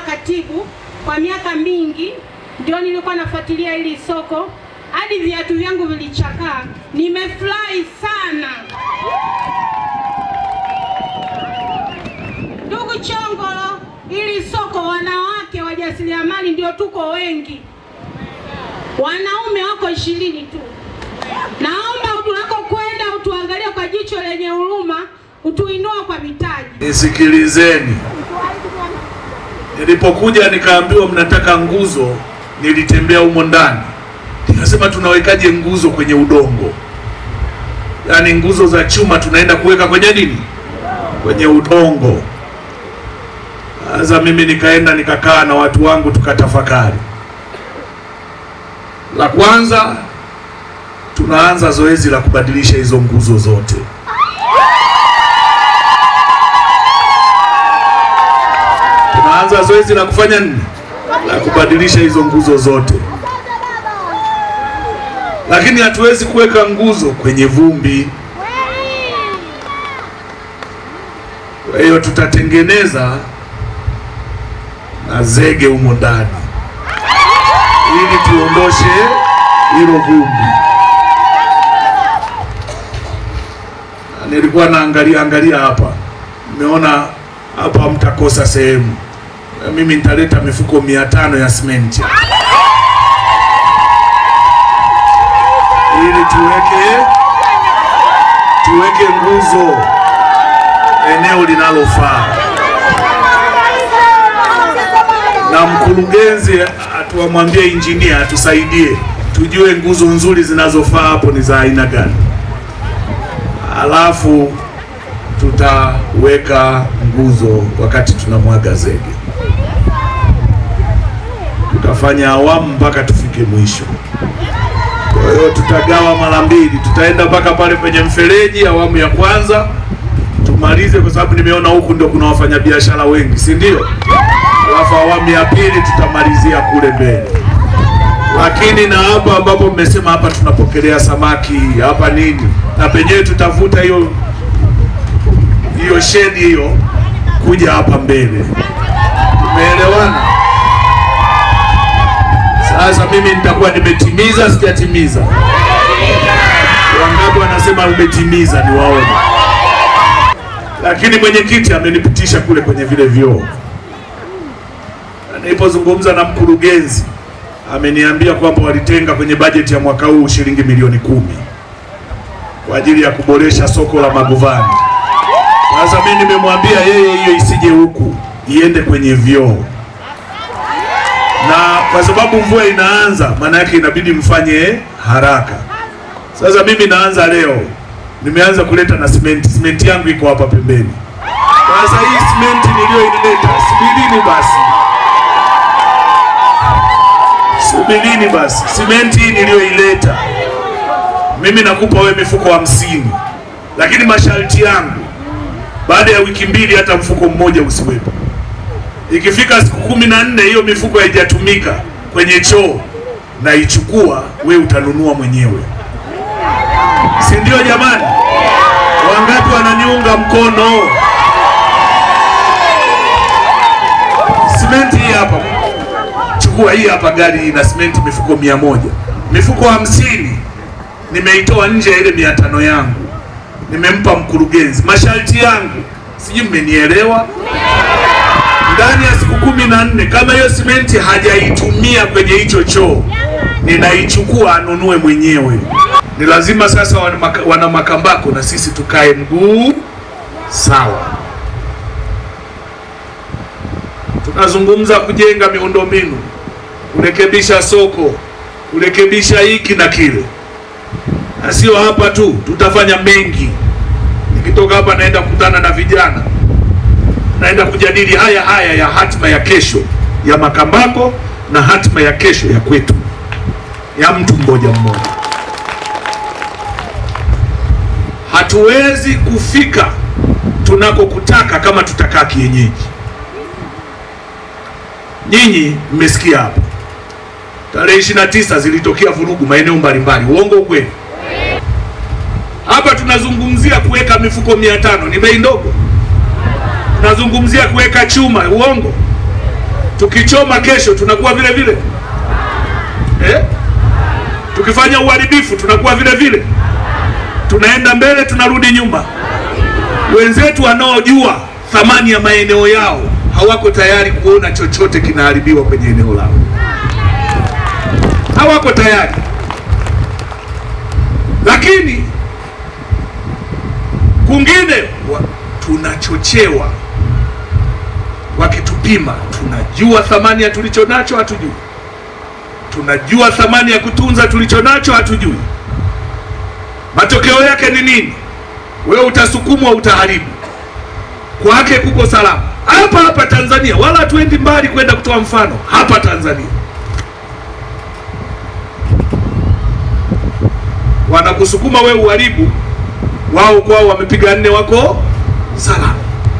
kama katibu kwa miaka mingi, ndio nilikuwa nafuatilia hili soko hadi viatu vyangu vilichakaa. Nimefurahi sana ndugu Chongolo, hili soko wanawake wajasiriamali ndio tuko wengi, wanaume wako ishirini tu. Naomba tunakokwenda utuangalie kwa jicho lenye huruma, utuinua kwa mitaji. Nisikilizeni. Nilipokuja nikaambiwa mnataka nguzo, nilitembea humo ndani nikasema, tunawekaje nguzo kwenye udongo? Yaani nguzo za chuma tunaenda kuweka kwenye nini? Kwenye udongo. Sasa mimi nikaenda nikakaa na watu wangu tukatafakari. La kwanza tunaanza zoezi la kubadilisha hizo nguzo zote. Naanza zoezi la kufanya nini, la kubadilisha hizo nguzo zote, lakini hatuwezi kuweka nguzo kwenye vumbi. Kwa hiyo tutatengeneza na zege humo ndani ili tuondoshe hilo vumbi. Nilikuwa naangalia angalia hapa, nimeona hapa mtakosa sehemu mimi nitaleta mifuko mia tano ya simenti ili tuweke tuweke nguzo eneo linalofaa, na mkurugenzi atuwamwambie injinia atusaidie tujue nguzo nzuri zinazofaa hapo ni za aina gani, alafu tutaweka nguzo wakati tunamwaga zege tutafanya awamu mpaka tufike mwisho. Kwa hiyo tutagawa mara mbili, tutaenda mpaka pale penye mfereji, awamu ya kwanza tumalize, kwa sababu nimeona huku ndio kuna wafanyabiashara wengi, si ndio? Alafu awamu ya pili tutamalizia kule mbele. Lakini na hapa ambapo mmesema hapa tunapokelea samaki hapa nini, na penyewe tutavuta hiyo hiyo shedi hiyo kuja hapa mbele. Tumeelewana? Sasa mimi nitakuwa nimetimiza, sijatimiza. Wangapi wanasema umetimiza? Ni waone. Lakini mwenyekiti amenipitisha kule kwenye vile vyoo, na nilipozungumza na mkurugenzi ameniambia kwamba walitenga kwenye bajeti ya mwaka huu shilingi milioni kumi kwa ajili ya kuboresha soko la Maguvani. Sasa mimi nimemwambia yeye hiyo isije huku, iende kwenye vyoo na kwa sababu mvua inaanza, maana yake inabidi mfanye haraka. Sasa mimi naanza leo, nimeanza kuleta na simenti. Simenti yangu iko hapa pembeni. Sasa hii simenti niliyoileta, subirini basi, subirini basi. Simenti hii niliyoileta mimi nakupa wewe mifuko hamsini, lakini masharti yangu, baada ya wiki mbili hata mfuko mmoja usiwepo. Ikifika siku kumi na nne hiyo mifuko haijatumika kwenye choo, na ichukua we utanunua mwenyewe, si ndio? Jamani, wangapi wananiunga mkono? Simenti hii hapa, chukua hii hapa, gari ina simenti mifuko mia moja mifuko hamsini nimeitoa nje ya ile mia tano yangu, nimempa mkurugenzi, masharti yangu, sijui mmenielewa ndani ya siku kumi na nne kama hiyo simenti hajaitumia kwenye hicho choo, ninaichukua anunue mwenyewe. Ni lazima sasa wana Makambako na sisi tukae mguu sawa. Tunazungumza kujenga miundombinu, kurekebisha soko, kurekebisha hiki na kile, na sio hapa tu, tutafanya mengi. Nikitoka hapa naenda kukutana na vijana naenda kujadili haya haya ya hatima ya kesho ya Makambako na hatima ya kesho ya kwetu ya mtu mmoja mmoja. Hatuwezi kufika tunakokutaka kama tutakaa kienyeji. Nyinyi mmesikia hapa, tarehe 29 zilitokea vurugu maeneo mbalimbali, uongo kweli? Hapa tunazungumzia kuweka mifuko mia tano, ni bei ndogo Tunazungumzia kuweka chuma, uongo. Tukichoma kesho tunakuwa vile vile eh? Tukifanya uharibifu tunakuwa vile vile, tunaenda mbele tunarudi nyuma. Wenzetu wanaojua thamani ya maeneo yao hawako tayari kuona chochote kinaharibiwa kwenye eneo lao, hawako tayari. Lakini kungine tunachochewa wakitupima, tunajua thamani ya tulicho nacho, hatujui. Tunajua thamani ya kutunza tulicho nacho, hatujui. Matokeo yake ni nini? Wewe utasukumwa, utaharibu. Kwake kuko salama, hapa hapa Tanzania, wala hatuendi mbali kwenda kutoa mfano hapa Tanzania. Wanakusukuma wewe uharibu, wao kwao wamepiga nne, wako salama.